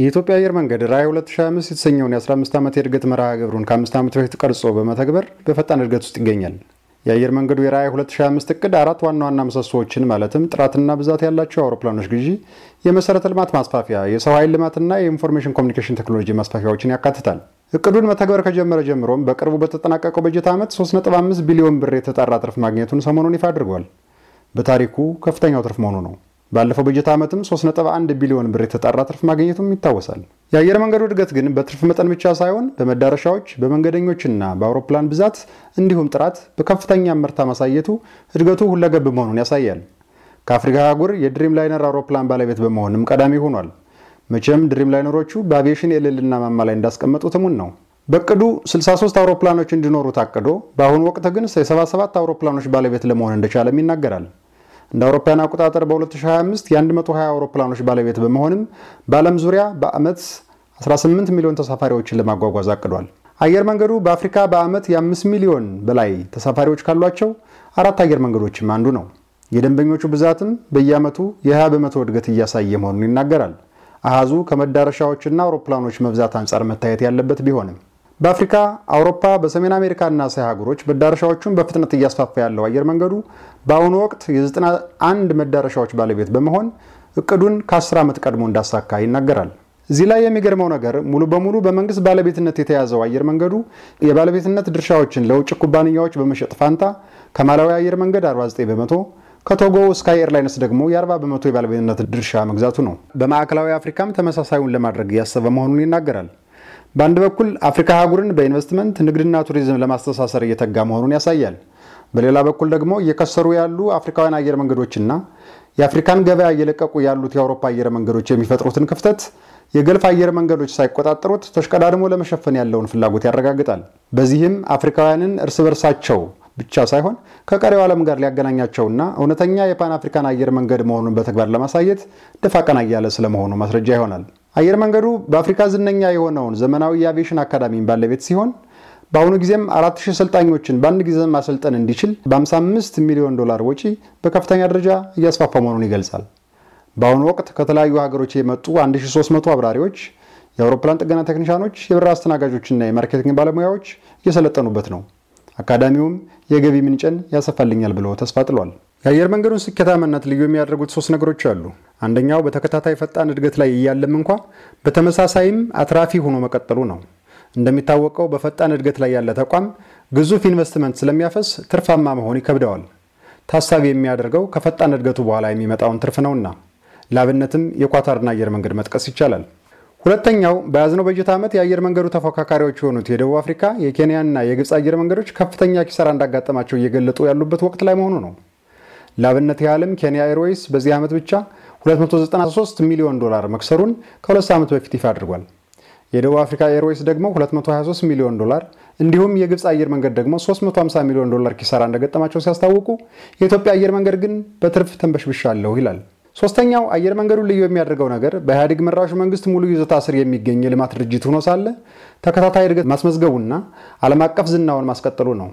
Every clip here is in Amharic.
የኢትዮጵያ አየር መንገድ ራዕይ 2025 የተሰኘውን የ15 ዓመት የእድገት መርሃ ግብሩን ከአምስት ዓመት በፊት ቀርጾ በመተግበር በፈጣን እድገት ውስጥ ይገኛል። የአየር መንገዱ የራዕይ 2025 እቅድ አራት ዋና ዋና ምሰሶዎችን ማለትም ጥራትና ብዛት ያላቸው አውሮፕላኖች ግዢ፣ የመሠረተ ልማት ማስፋፊያ፣ የሰው ኃይል ልማትና የኢንፎርሜሽን ኮሚኒኬሽን ቴክኖሎጂ ማስፋፊያዎችን ያካትታል። እቅዱን መተግበር ከጀመረ ጀምሮም በቅርቡ በተጠናቀቀው በጀት ዓመት 3.5 ቢሊዮን ብር የተጣራ ትርፍ ማግኘቱን ሰሞኑን ይፋ አድርጓል። በታሪኩ ከፍተኛው ትርፍ መሆኑ ነው። ባለፈው በጀት ዓመትም 3.1 ቢሊዮን ብር የተጣራ ትርፍ ማግኘቱም ይታወሳል። የአየር መንገዱ እድገት ግን በትርፍ መጠን ብቻ ሳይሆን በመዳረሻዎች በመንገደኞችና በአውሮፕላን ብዛት እንዲሁም ጥራት በከፍተኛ ምርታ ማሳየቱ እድገቱ ሁለገብ መሆኑን ያሳያል። ከአፍሪካ አህጉር የድሪም ላይነር አውሮፕላን ባለቤት በመሆንም ቀዳሚ ሆኗል። መቼም ድሪም ላይነሮቹ በአቪዬሽን የልዕልና ማማ ላይ እንዳስቀመጡት እሙን ነው። በቅዱ 63 አውሮፕላኖች እንዲኖሩ ታቅዶ በአሁኑ ወቅት ግን የ77 አውሮፕላኖች ባለቤት ለመሆን እንደቻለም ይናገራል። እንደ አውሮፓውያን አቆጣጠር በ2025 የ120 አውሮፕላኖች ባለቤት በመሆንም በዓለም ዙሪያ በዓመት 18 ሚሊዮን ተሳፋሪዎችን ለማጓጓዝ አቅዷል። አየር መንገዱ በአፍሪካ በዓመት የ5 ሚሊዮን በላይ ተሳፋሪዎች ካሏቸው አራት አየር መንገዶችም አንዱ ነው። የደንበኞቹ ብዛትም በየዓመቱ የ20 በመቶ እድገት እያሳየ መሆኑን ይናገራል። አሃዙ ከመዳረሻዎችና አውሮፕላኖች መብዛት አንጻር መታየት ያለበት ቢሆንም በአፍሪካ፣ አውሮፓ፣ በሰሜን አሜሪካና እስያ ሀገሮች መዳረሻዎቹን በፍጥነት እያስፋፋ ያለው አየር መንገዱ በአሁኑ ወቅት የ91 መዳረሻዎች ባለቤት በመሆን እቅዱን ከ10 ዓመት ቀድሞ እንዳሳካ ይናገራል። እዚህ ላይ የሚገርመው ነገር ሙሉ በሙሉ በመንግስት ባለቤትነት የተያዘው አየር መንገዱ የባለቤትነት ድርሻዎችን ለውጭ ኩባንያዎች በመሸጥ ፋንታ ከማላዊ አየር መንገድ 49 በመቶ ከቶጎ ስካይ ኤርላይንስ ደግሞ የ40 በመቶ የባለቤትነት ድርሻ መግዛቱ ነው። በማዕከላዊ አፍሪካም ተመሳሳዩን ለማድረግ እያሰበ መሆኑን ይናገራል። በአንድ በኩል አፍሪካ አህጉርን በኢንቨስትመንት ንግድና ቱሪዝም ለማስተሳሰር እየተጋ መሆኑን ያሳያል። በሌላ በኩል ደግሞ እየከሰሩ ያሉ አፍሪካውያን አየር መንገዶችና የአፍሪካን ገበያ እየለቀቁ ያሉት የአውሮፓ አየር መንገዶች የሚፈጥሩትን ክፍተት የገልፍ አየር መንገዶች ሳይቆጣጠሩት ተሽቀዳድሞ ለመሸፈን ያለውን ፍላጎት ያረጋግጣል። በዚህም አፍሪካውያንን እርስ በርሳቸው ብቻ ሳይሆን ከቀሪው ዓለም ጋር ሊያገናኛቸውና እውነተኛ የፓን አፍሪካን አየር መንገድ መሆኑን በተግባር ለማሳየት ደፋ ቀና እያለ ስለመሆኑ ማስረጃ ይሆናል። አየር መንገዱ በአፍሪካ ዝነኛ የሆነውን ዘመናዊ የአቪዬሽን አካዳሚን ባለቤት ሲሆን በአሁኑ ጊዜም 4000 ሰልጣኞችን በአንድ ጊዜ ማሰልጠን እንዲችል በ55 ሚሊዮን ዶላር ወጪ በከፍተኛ ደረጃ እያስፋፋ መሆኑን ይገልጻል። በአሁኑ ወቅት ከተለያዩ ሀገሮች የመጡ 1300 አብራሪዎች፣ የአውሮፕላን ጥገና ቴክኒሻኖች፣ የበረራ አስተናጋጆችና የማርኬቲንግ ባለሙያዎች እየሰለጠኑበት ነው። አካዳሚውም የገቢ ምንጭን ያሰፋልኛል ብሎ ተስፋ ጥሏል። የአየር መንገዱን ስኬታማነት ልዩ የሚያደርጉት ሶስት ነገሮች አሉ። አንደኛው በተከታታይ ፈጣን እድገት ላይ እያለም እንኳ በተመሳሳይም አትራፊ ሆኖ መቀጠሉ ነው። እንደሚታወቀው በፈጣን እድገት ላይ ያለ ተቋም ግዙፍ ኢንቨስትመንት ስለሚያፈስ ትርፋማ መሆን ይከብደዋል። ታሳቢ የሚያደርገው ከፈጣን እድገቱ በኋላ የሚመጣውን ትርፍ ነውና፣ ላብነትም የኳታርና አየር መንገድ መጥቀስ ይቻላል። ሁለተኛው በያዝነው በጀት ዓመት የአየር መንገዱ ተፎካካሪዎች የሆኑት የደቡብ አፍሪካ፣ የኬንያና የግብፅ አየር መንገዶች ከፍተኛ ኪሳራ እንዳጋጠማቸው እየገለጡ ያሉበት ወቅት ላይ መሆኑ ነው። ለአብነት ያህልም ኬንያ ኤርዌይስ በዚህ ዓመት ብቻ 293 ሚሊዮን ዶላር መክሰሩን ከሁለት ዓመት በፊት ይፋ አድርጓል። የደቡብ አፍሪካ ኤርዌይስ ደግሞ 223 ሚሊዮን ዶላር እንዲሁም የግብፅ አየር መንገድ ደግሞ 350 ሚሊዮን ዶላር ኪሳራ እንደገጠማቸው ሲያስታውቁ የኢትዮጵያ አየር መንገድ ግን በትርፍ ተንበሽብሻለሁ ይላል። ሶስተኛው አየር መንገዱ ልዩ የሚያደርገው ነገር በኢህአዴግ መራሹ መንግስት ሙሉ ይዞታ ስር የሚገኝ የልማት ድርጅት ሆኖ ሳለ ተከታታይ እድገት ማስመዝገቡና ዓለም አቀፍ ዝናውን ማስቀጠሉ ነው።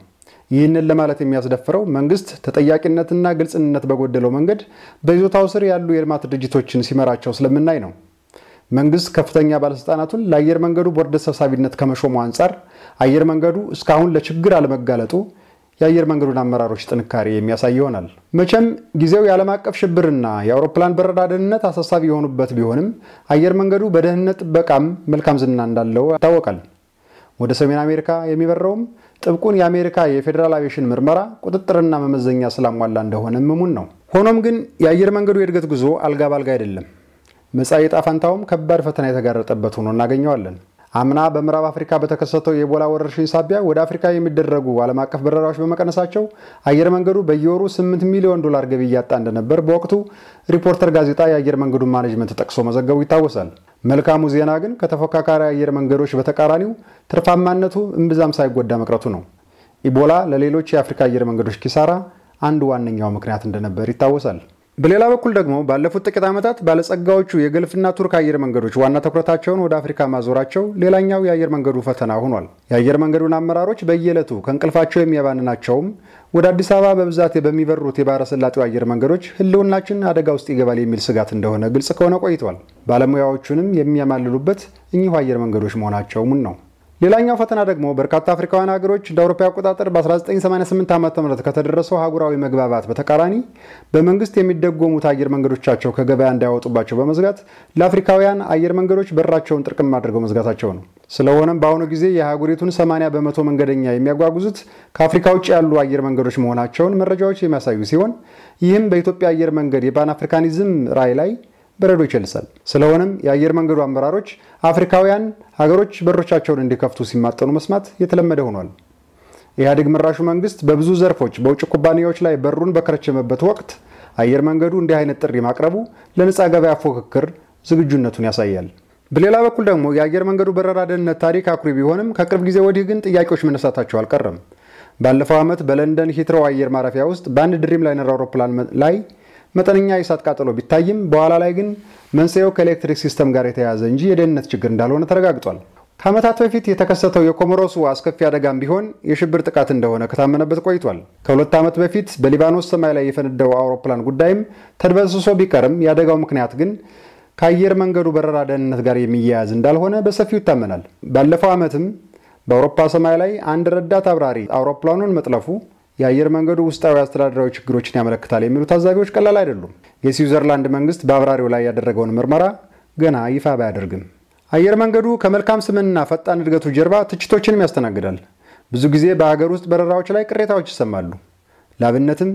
ይህንን ለማለት የሚያስደፍረው መንግስት ተጠያቂነትና ግልጽነት በጎደለው መንገድ በይዞታው ስር ያሉ የልማት ድርጅቶችን ሲመራቸው ስለምናይ ነው። መንግስት ከፍተኛ ባለስልጣናቱን ለአየር መንገዱ ቦርድ ሰብሳቢነት ከመሾሙ አንጻር አየር መንገዱ እስካሁን ለችግር አለመጋለጡ የአየር መንገዱን አመራሮች ጥንካሬ የሚያሳይ ይሆናል። መቼም ጊዜው የዓለም አቀፍ ሽብርና የአውሮፕላን በረራ ደህንነት አሳሳቢ የሆኑበት ቢሆንም አየር መንገዱ በደህንነት ጥበቃም መልካም ዝና እንዳለው ይታወቃል። ወደ ሰሜን አሜሪካ የሚበረውም ጥብቁን የአሜሪካ የፌዴራል አቪዬሽን ምርመራ ቁጥጥርና መመዘኛ ስላሟላ እንደሆነ እሙን ነው። ሆኖም ግን የአየር መንገዱ የእድገት ጉዞ አልጋ ባልጋ አይደለም። መጻኢ ዕጣ ፈንታውም ከባድ ፈተና የተጋረጠበት ሆኖ እናገኘዋለን። አምና በምዕራብ አፍሪካ በተከሰተው የኢቦላ ወረርሽኝ ሳቢያ ወደ አፍሪካ የሚደረጉ ዓለም አቀፍ በረራዎች በመቀነሳቸው አየር መንገዱ በየወሩ 8 ሚሊዮን ዶላር ገቢ እያጣ እንደነበር በወቅቱ ሪፖርተር ጋዜጣ የአየር መንገዱን ማኔጅመንት ጠቅሶ መዘገቡ ይታወሳል። መልካሙ ዜና ግን ከተፎካካሪ አየር መንገዶች በተቃራኒው ትርፋማነቱ እምብዛም ሳይጎዳ መቅረቱ ነው። ኢቦላ ለሌሎች የአፍሪካ አየር መንገዶች ኪሳራ አንድ ዋነኛው ምክንያት እንደነበር ይታወሳል። በሌላ በኩል ደግሞ ባለፉት ጥቂት ዓመታት ባለጸጋዎቹ የገልፍና ቱርክ አየር መንገዶች ዋና ትኩረታቸውን ወደ አፍሪካ ማዞራቸው ሌላኛው የአየር መንገዱ ፈተና ሆኗል። የአየር መንገዱን አመራሮች በየዕለቱ ከእንቅልፋቸው የሚያባንናቸውም ወደ አዲስ አበባ በብዛት በሚበሩት የባህረ ሰላጤው አየር መንገዶች ሕልውናችን አደጋ ውስጥ ይገባል የሚል ስጋት እንደሆነ ግልጽ ከሆነ ቆይቷል። ባለሙያዎቹንም የሚያማልሉበት እኚሁ አየር መንገዶች መሆናቸውም ነው። ሌላኛው ፈተና ደግሞ በርካታ አፍሪካውያን ሀገሮች እንደ አውሮፓ አቆጣጠር በ1988 ዓ ም ከተደረሰው አህጉራዊ መግባባት በተቃራኒ በመንግስት የሚደጎሙት አየር መንገዶቻቸው ከገበያ እንዳያወጡባቸው በመዝጋት ለአፍሪካውያን አየር መንገዶች በራቸውን ጥርቅም አድርገው መዝጋታቸው ነው። ስለሆነም በአሁኑ ጊዜ የአህጉሪቱን 80 በመቶ መንገደኛ የሚያጓጉዙት ከአፍሪካ ውጭ ያሉ አየር መንገዶች መሆናቸውን መረጃዎች የሚያሳዩ ሲሆን ይህም በኢትዮጵያ አየር መንገድ የፓን አፍሪካኒዝም ራዕይ ላይ በረዶ ይቸልሳል። ስለሆነም የአየር መንገዱ አመራሮች አፍሪካውያን ሀገሮች በሮቻቸውን እንዲከፍቱ ሲማጠኑ መስማት የተለመደ ሆኗል። ኢህአዴግ መራሹ መንግስት በብዙ ዘርፎች በውጭ ኩባንያዎች ላይ በሩን በከረቸመበት ወቅት አየር መንገዱ እንዲህ አይነት ጥሪ ማቅረቡ ለነፃ ገበያ ፉክክር ዝግጁነቱን ያሳያል። በሌላ በኩል ደግሞ የአየር መንገዱ በረራ ደህንነት ታሪክ አኩሪ ቢሆንም ከቅርብ ጊዜ ወዲህ ግን ጥያቄዎች መነሳታቸው አልቀረም። ባለፈው ዓመት በለንደን ሂትሮው አየር ማረፊያ ውስጥ በአንድ ድሪም ላይነር አውሮፕላን ላይ መጠነኛ የእሳት ቃጠሎ ቢታይም በኋላ ላይ ግን መንስኤው ከኤሌክትሪክ ሲስተም ጋር የተያያዘ እንጂ የደህንነት ችግር እንዳልሆነ ተረጋግጧል። ከዓመታት በፊት የተከሰተው የኮሞሮሱ አስከፊ አደጋም ቢሆን የሽብር ጥቃት እንደሆነ ከታመነበት ቆይቷል። ከሁለት ዓመት በፊት በሊባኖስ ሰማይ ላይ የፈነደው አውሮፕላን ጉዳይም ተድበስሶ ቢቀርም የአደጋው ምክንያት ግን ከአየር መንገዱ በረራ ደህንነት ጋር የሚያያዝ እንዳልሆነ በሰፊው ይታመናል። ባለፈው ዓመትም በአውሮፓ ሰማይ ላይ አንድ ረዳት አብራሪ አውሮፕላኑን መጥለፉ የአየር መንገዱ ውስጣዊ አስተዳደራዊ ችግሮችን ያመለክታል የሚሉ ታዛቢዎች ቀላል አይደሉም። የስዊዘርላንድ መንግስት በአብራሪው ላይ ያደረገውን ምርመራ ገና ይፋ ባያደርግም አየር መንገዱ ከመልካም ስምና ፈጣን እድገቱ ጀርባ ትችቶችንም ያስተናግዳል። ብዙ ጊዜ በሀገር ውስጥ በረራዎች ላይ ቅሬታዎች ይሰማሉ። ለአብነትም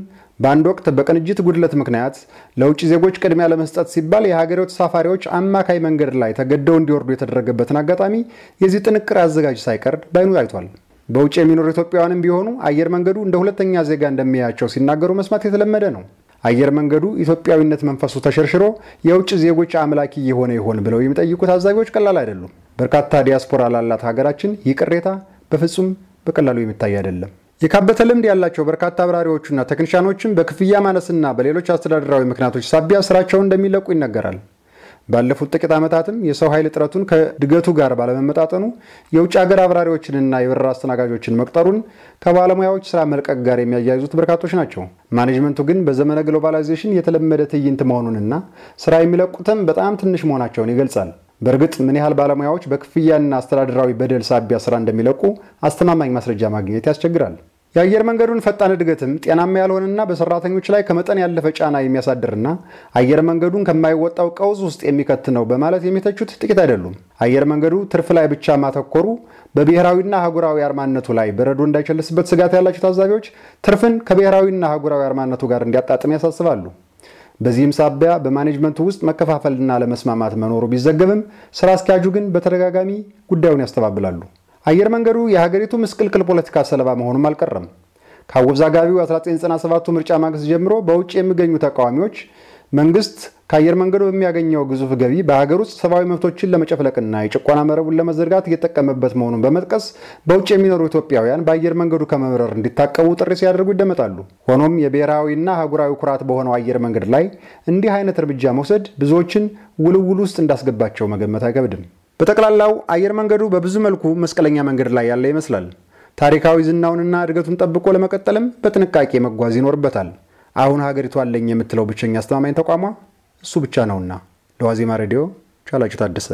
በአንድ ወቅት በቅንጅት ጉድለት ምክንያት ለውጭ ዜጎች ቅድሚያ ለመስጠት ሲባል የሀገሬው ተሳፋሪዎች አማካይ መንገድ ላይ ተገደው እንዲወርዱ የተደረገበትን አጋጣሚ የዚህ ጥንቅር አዘጋጅ ሳይቀርድ ባይኑ አይቷል። በውጭ የሚኖሩ ኢትዮጵያውያንም ቢሆኑ አየር መንገዱ እንደ ሁለተኛ ዜጋ እንደሚያያቸው ሲናገሩ መስማት የተለመደ ነው። አየር መንገዱ ኢትዮጵያዊነት መንፈሱ ተሸርሽሮ የውጭ ዜጎች አምላኪ የሆነ ይሆን ብለው የሚጠይቁ ታዛቢዎች ቀላል አይደሉም። በርካታ ዲያስፖራ ላላት ሀገራችን ይህ ቅሬታ በፍጹም በቀላሉ የሚታይ አይደለም። የካበተ ልምድ ያላቸው በርካታ አብራሪዎቹና ቴክኒሻኖችም በክፍያ ማነስና በሌሎች አስተዳደራዊ ምክንያቶች ሳቢያ ስራቸውን እንደሚለቁ ይነገራል። ባለፉት ጥቂት ዓመታትም የሰው ኃይል እጥረቱን ከእድገቱ ጋር ባለመመጣጠኑ የውጭ ሀገር አብራሪዎችንና የበረራ አስተናጋጆችን መቅጠሩን ከባለሙያዎች ስራ መልቀቅ ጋር የሚያያይዙት በርካቶች ናቸው። ማኔጅመንቱ ግን በዘመነ ግሎባላይዜሽን የተለመደ ትዕይንት መሆኑንና ስራ የሚለቁትም በጣም ትንሽ መሆናቸውን ይገልጻል። በእርግጥ ምን ያህል ባለሙያዎች በክፍያና አስተዳደራዊ በደል ሳቢያ ስራ እንደሚለቁ አስተማማኝ ማስረጃ ማግኘት ያስቸግራል። የአየር መንገዱን ፈጣን እድገትም ጤናማ ያልሆነና በሰራተኞች ላይ ከመጠን ያለፈ ጫና የሚያሳድርና አየር መንገዱን ከማይወጣው ቀውስ ውስጥ የሚከት ነው በማለት የሚተቹት ጥቂት አይደሉም። አየር መንገዱ ትርፍ ላይ ብቻ ማተኮሩ በብሔራዊና አህጉራዊ አርማነቱ ላይ በረዶ እንዳይቸልስበት ስጋት ያላቸው ታዛቢዎች ትርፍን ከብሔራዊና አህጉራዊ አርማነቱ ጋር እንዲያጣጥም ያሳስባሉ። በዚህም ሳቢያ በማኔጅመንቱ ውስጥ መከፋፈልና ለመስማማት መኖሩ ቢዘገብም ስራ አስኪያጁ ግን በተደጋጋሚ ጉዳዩን ያስተባብላሉ። አየር መንገዱ የሀገሪቱ ምስቅልቅል ፖለቲካ ሰለባ መሆኑም አልቀረም። ከአወዛጋቢው 1997ቱ ምርጫ ማግስት ጀምሮ በውጭ የሚገኙ ተቃዋሚዎች መንግስት ከአየር መንገዱ በሚያገኘው ግዙፍ ገቢ በሀገር ውስጥ ሰብአዊ መብቶችን ለመጨፍለቅና የጭቆና መረቡን ለመዘርጋት እየጠቀመበት መሆኑን በመጥቀስ በውጭ የሚኖሩ ኢትዮጵያውያን በአየር መንገዱ ከመብረር እንዲታቀቡ ጥሪ ሲያደርጉ ይደመጣሉ። ሆኖም የብሔራዊና አህጉራዊ ኩራት በሆነው አየር መንገድ ላይ እንዲህ አይነት እርምጃ መውሰድ ብዙዎችን ውልውል ውስጥ እንዳስገባቸው መገመት አይከብድም። በጠቅላላው አየር መንገዱ በብዙ መልኩ መስቀለኛ መንገድ ላይ ያለ ይመስላል። ታሪካዊ ዝናውንና እድገቱን ጠብቆ ለመቀጠልም በጥንቃቄ መጓዝ ይኖርበታል። አሁን ሀገሪቱ አለኝ የምትለው ብቸኛ አስተማማኝ ተቋሟ እሱ ብቻ ነውና። ለዋዜማ ሬዲዮ ቻላቸው ታደሰ